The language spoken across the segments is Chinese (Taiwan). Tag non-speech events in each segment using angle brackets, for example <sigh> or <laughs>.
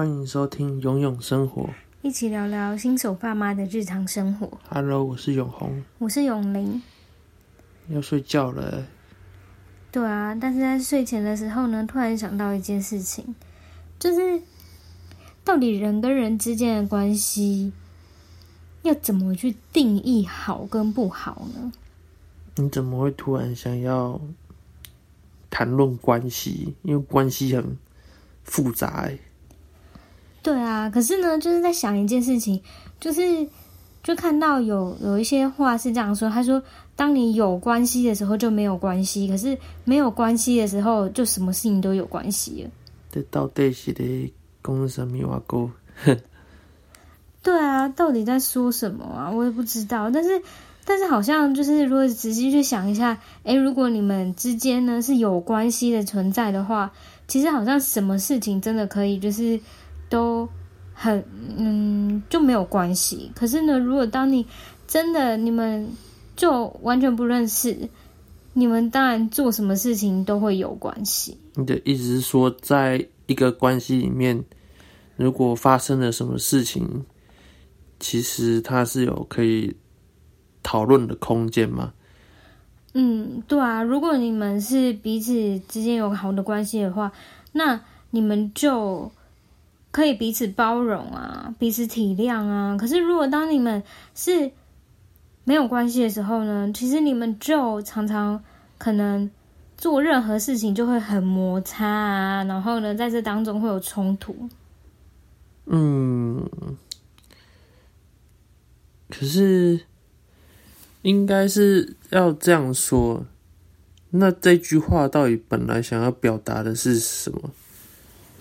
歡迎收聽《永詠生活》，一起聊聊新手爸媽的日常生活。Hello，我是永紅，我是永玲，要睡覺了。對啊，但是在睡前的時候呢，突然想到一件事情，就是到底人跟人之間的關係要怎麼去定義好跟不好呢？你怎麼會突然想要談論關係？因為關係很複雜。對啊，可是呢，就是在想一件事情，就是就看到有有一些話是這樣說，他說：“當你有關係的時候就沒有關係，可是沒有關係的時候就什麼事情都有關係。”對，到底是在講什麼啊？哥， <laughs> 對啊，到底在說什麼啊？我也不知道。但是，但是好像就是，如果仔細去想一下，哎，如果你們之間呢是有關係的存在的話，其實好像什麼事情真的可以就是。都很嗯，就沒有關係。可是呢，如果當你真的你們就完全不認識，你們當然做什麼事情都會有關係。你的意思是說，在一個關係裡面，如果發生了什麼事情，其實它是有可以討論的空間嗎？嗯，對啊。如果你們是彼此之間有好的關係的話，那你們就。可以彼此包容啊，彼此體諒啊。可是，如果當你們是沒有關係的時候呢？其實你們就常常可能做任何事情就會很摩擦啊。然後呢，在這當中會有衝突。嗯，可是應該是要這樣說。那這一句話到底本來想要表達的是什麼？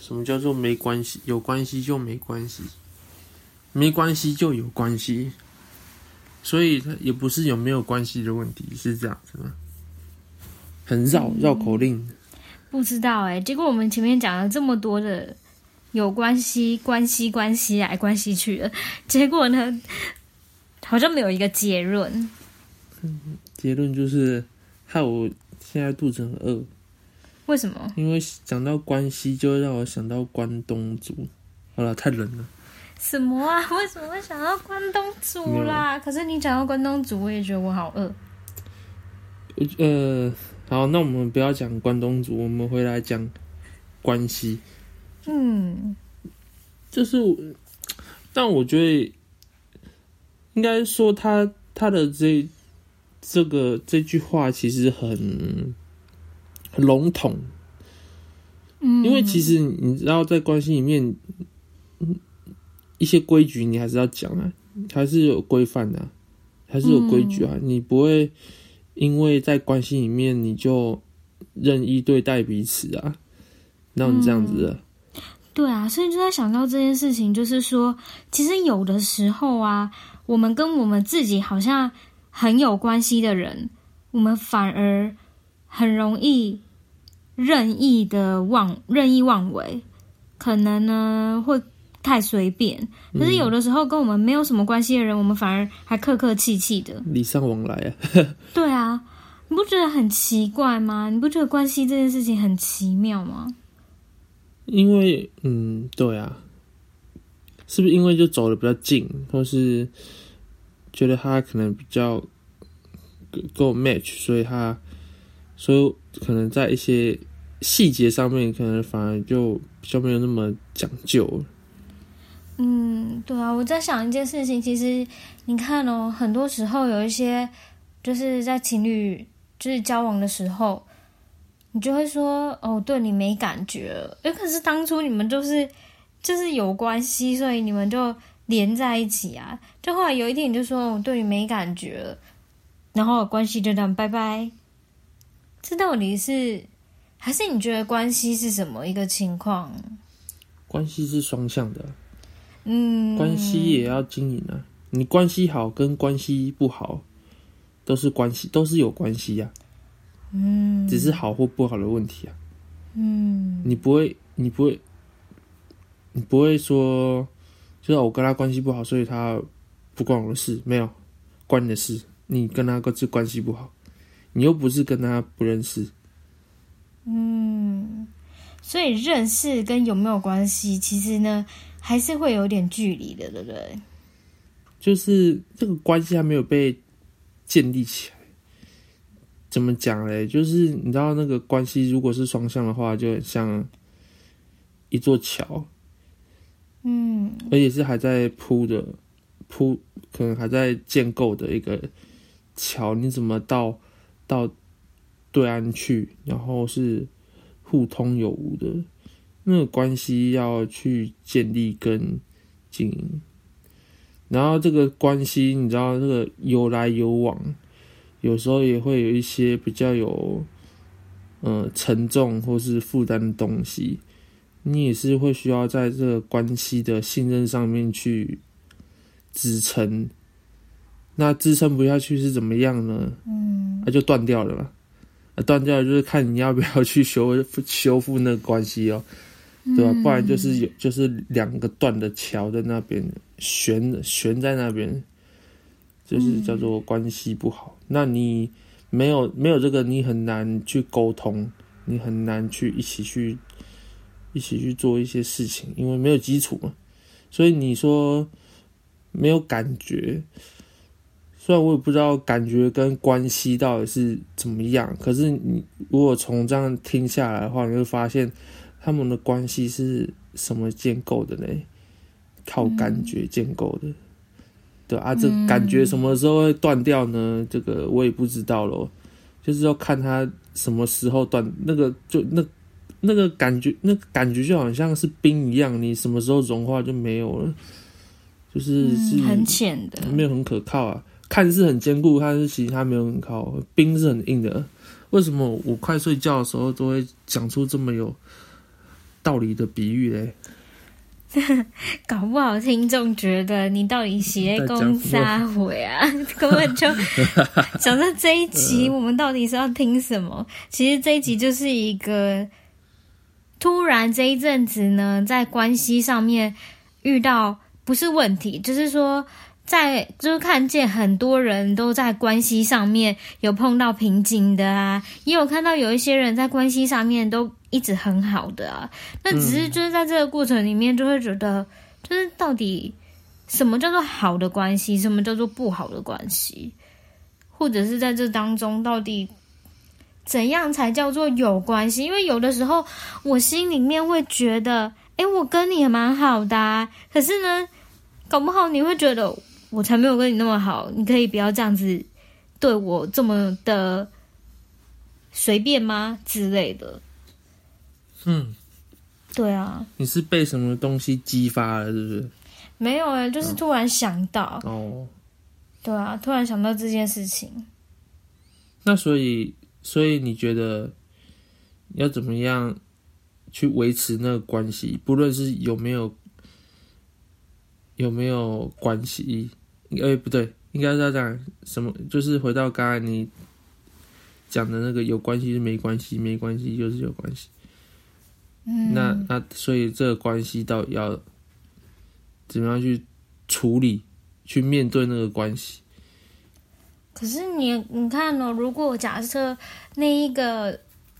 什麼叫做沒關係？有關係就沒關係，沒關係就有關係，所以它也不是有沒有關係的問題，是這樣子嗎？很繞繞口令、嗯，不知道哎、欸。結果我們前面講了這麼多的有關係、關係、關係來關係去，結果呢，好像沒有一個結論。結論就是害我現在肚子很餓。為什麼？因為講到關係，就會讓我想到關東煮。好了，太冷了。什麼啊？為什麼會想到關東煮啦？可是你講到關東煮，我也覺得我好餓。呃，好，那我們不要講關東煮，我們回來講關係。嗯，就是，但我覺得應該說他他的這這個這句話其實很。籠統，嗯，因為其實你知道，在關係裡面，嗯、一些規矩你還是要講啊，還是有規範的，還是有規矩啊。嗯、你不會因為在關係裡面你就任意對待彼此啊，那你這樣子、嗯。對啊，所以就在想到這件事情，就是說，其實有的時候啊，我們跟我們自己好像很有關係的人，我們反而很容易。任意的妄，任意妄為，可能呢會太隨便。可是有的時候跟我們沒有什麼關係的人，嗯、我們反而還客客氣氣的，禮尚往來啊。 <laughs> 對啊，你不覺得很奇怪嗎？你不覺得關係這件事情很奇妙嗎？因為，嗯，對啊，是不是因為就走得比較近，或是覺得他可能比較夠 match，所以他。所以可能在一些細節上面，可能反而就比較沒有那麼講究。嗯，對啊，我在想一件事情，其實你看哦、喔，很多時候有一些就是在情侶就是交往的時候，你就會說哦，對你沒感覺了，哎、呃，可是當初你們都是、就是就是有關係，所以你們就連在一起啊，就後來有一天你就說，我對你沒感覺了，然後關係就這樣，拜拜。這到底是還是你覺得關係是什麼一個情況？關係是雙向的，嗯，關係也要經營啊。你關係好跟關係不好，都是關係，都是有關係呀。嗯，只是好或不好的問題啊。嗯，你不會，你不會，你不會說，就是我跟他關係不好，所以他不關我的事，沒有關你的事，你跟他各自關係不好。你又不是跟他不認識，嗯，所以認識跟有沒有關係，其實呢還是會有點距離的，對不對？就是這個關係還沒有被建立起來，怎麼講嘞？就是你知道那個關係，如果是雙向的話，就很像一座橋，嗯，而且是還在鋪的鋪，可能還在建構的一個橋，你怎麼到？到對岸去，然後是互通有無的那個關係要去建立跟經營，然後這個關係你知道，那個有來有往，有時候也會有一些比較有呃沉重或是負擔的東西，你也是會需要在這個關係的信任上面去支撐。那支撐不下去是怎麼樣呢？嗯，那、啊、就斷掉了嘛。啊、斷掉了就是看你要不要去修修復那個關係哦，對吧？嗯、不然就是有就是兩個斷的橋在那邊懸懸在那邊，就是叫做關係不好。嗯、那你沒有沒有這個，你很難去溝通，你很難去一起去一起去做一些事情，因為沒有基礎嘛。所以你說沒有感覺。雖然我也不知道感覺跟關係到底是怎麼樣，可是你如果從這樣聽下來的話，你會發現他們的關係是什麼建構的呢？靠感覺建構的，嗯、對啊，這感覺什麼時候會斷掉呢？這個我也不知道咯，就是要看他什麼時候斷，那個就那那個感覺，那個、感覺就好像是冰一樣，你什麼時候融化就沒有了，就是是很淺的，沒有很可靠啊。嗯看似很堅固，但是其實它沒有很靠。冰是很硬的，為什麼我快睡覺的時候都會講出這麼有道理的比喻嘞？ <laughs> 搞不好聽眾覺得你到底是咧講三小啊， <laughs> <laughs> 根本就講到這一集，我們到底是要聽什麼？其實這一集就是一個突然這一陣子呢，在關係上面遇到不是問題，就是說。在就是看見很多人都在關係上面有碰到瓶頸的啊，也有看到有一些人在關係上面都一直很好的啊。那只是就是在這個過程裡面，就會覺得，嗯、就是到底什麼叫做好的關係，什麼叫做不好的關係，或者是在這當中到底怎樣才叫做有關係？因為有的時候，我心裡面會覺得，哎、欸，我跟你也蠻好的啊，可是呢，搞不好你會覺得。我才沒有跟你那麼好，你可以不要這樣子對我這麼的隨便嗎之類的？嗯，對啊。你是被什麼東西激發了，是不是？沒有欸，就是突然想到哦。對啊，突然想到這件事情。那所以，所以你覺得要怎麼樣去維持那個關係？不論是有沒有有沒有關係？哎，欸、不對，應該是這樣。什麼？就是回到剛才你講的那個，有關係是沒關係，沒關係就是有關係。嗯那，那那所以這個關係到底要怎麼樣去處理，去面對那個關係？可是你你看呢、哦？如果假設那一個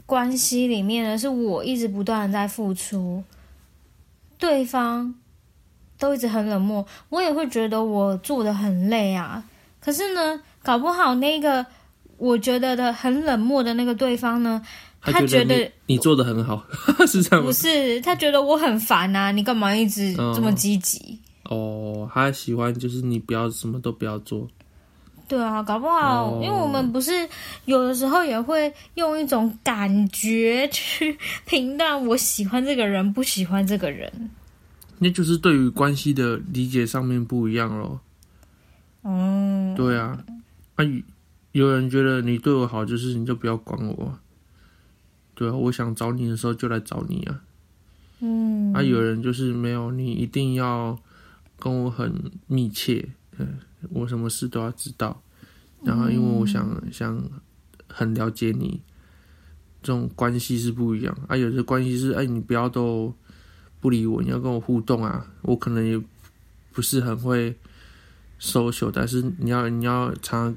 關係裡面呢，是我一直不斷的在付出，對方。都一直很冷漠，我也會覺得我做的很累啊。可是呢，搞不好那個我覺得的很冷漠的那個對方呢，他覺得，他覺得你，你做的很好， <laughs> 是這樣？不是，他覺得我很煩啊，你幹嘛一直這麼積極？哦，oh. oh, 他喜歡就是你不要什麼都不要做。對啊，搞不好，oh. 因為我們不是有的時候也會用一種感覺去評斷，我喜歡這個人，不喜歡這個人。那就是對於關係的理解上面不一樣咯。哦、嗯，對啊，啊，有人覺得你對我好就是你就不要管我、啊，對啊，我想找你的時候就來找你啊。嗯，啊，有人就是沒有你一定要跟我很密切，嗯，我什麼事都要知道，然後因為我想、嗯、想很了解你，這種關係是不一樣。啊，有些關係是哎、欸，你不要都。不理我，你要跟我互動啊！我可能也不是很會 social，但是你要你要常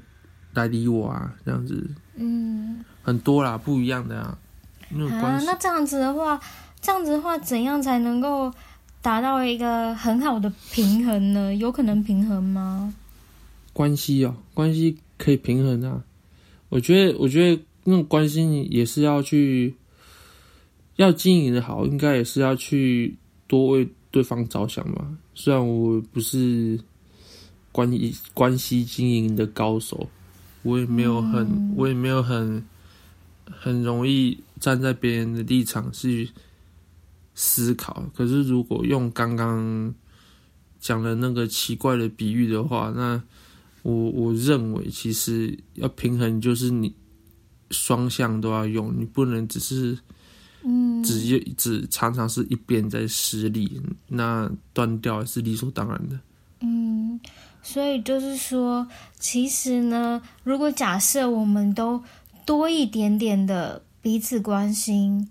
來理我啊，這樣子。嗯，很多啦，不一樣的啊。沒有關係。啊。那這樣子的話，這樣子的話，怎樣才能夠達到一個很好的平衡呢？有可能平衡嗎？關係哦，關係可以平衡啊！我覺得，我覺得那種關係也是要去。要經營的好，應該也是要去多為對方着想嘛。雖然我不是關於關係經營的高手，我也沒有很、嗯、我也沒有很很容易站在別人的立場去思考。可是，如果用剛剛講的那個奇怪的比喻的話，那我我認為其實要平衡，就是你雙向都要用，你不能只是。只只常常是一邊在使力，那斷掉也是理所當然的。嗯，所以就是說，其實呢，如果假設我們都多一點點的彼此關心、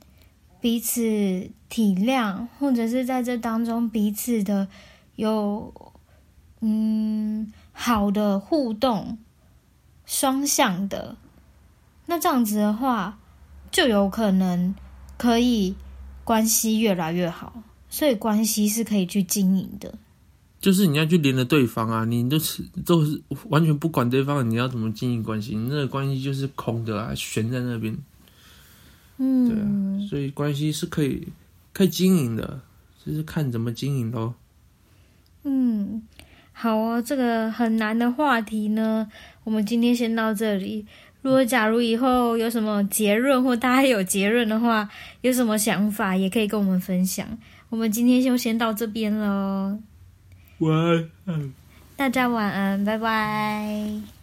彼此體諒，或者是在這當中彼此的有嗯好的互動、雙向的，那這樣子的話，就有可能。可以關係越來越好，所以關係是可以去經營的。就是你要去連着對方啊，你就是就是完全不管對方，你要怎麼經營關係？你那個關係就是空的啊，懸在那邊。嗯，對啊，所以關係是可以可以經營的，就是看怎麼經營咯。嗯，好啊、哦，這個很難的話題呢，我們今天先到這裡。如果，假如以後有什麼結論或大家有結論的話，有什麼想法也可以跟我們分享。我們今天就先到這邊嘍，晚安，大家晚安，拜拜。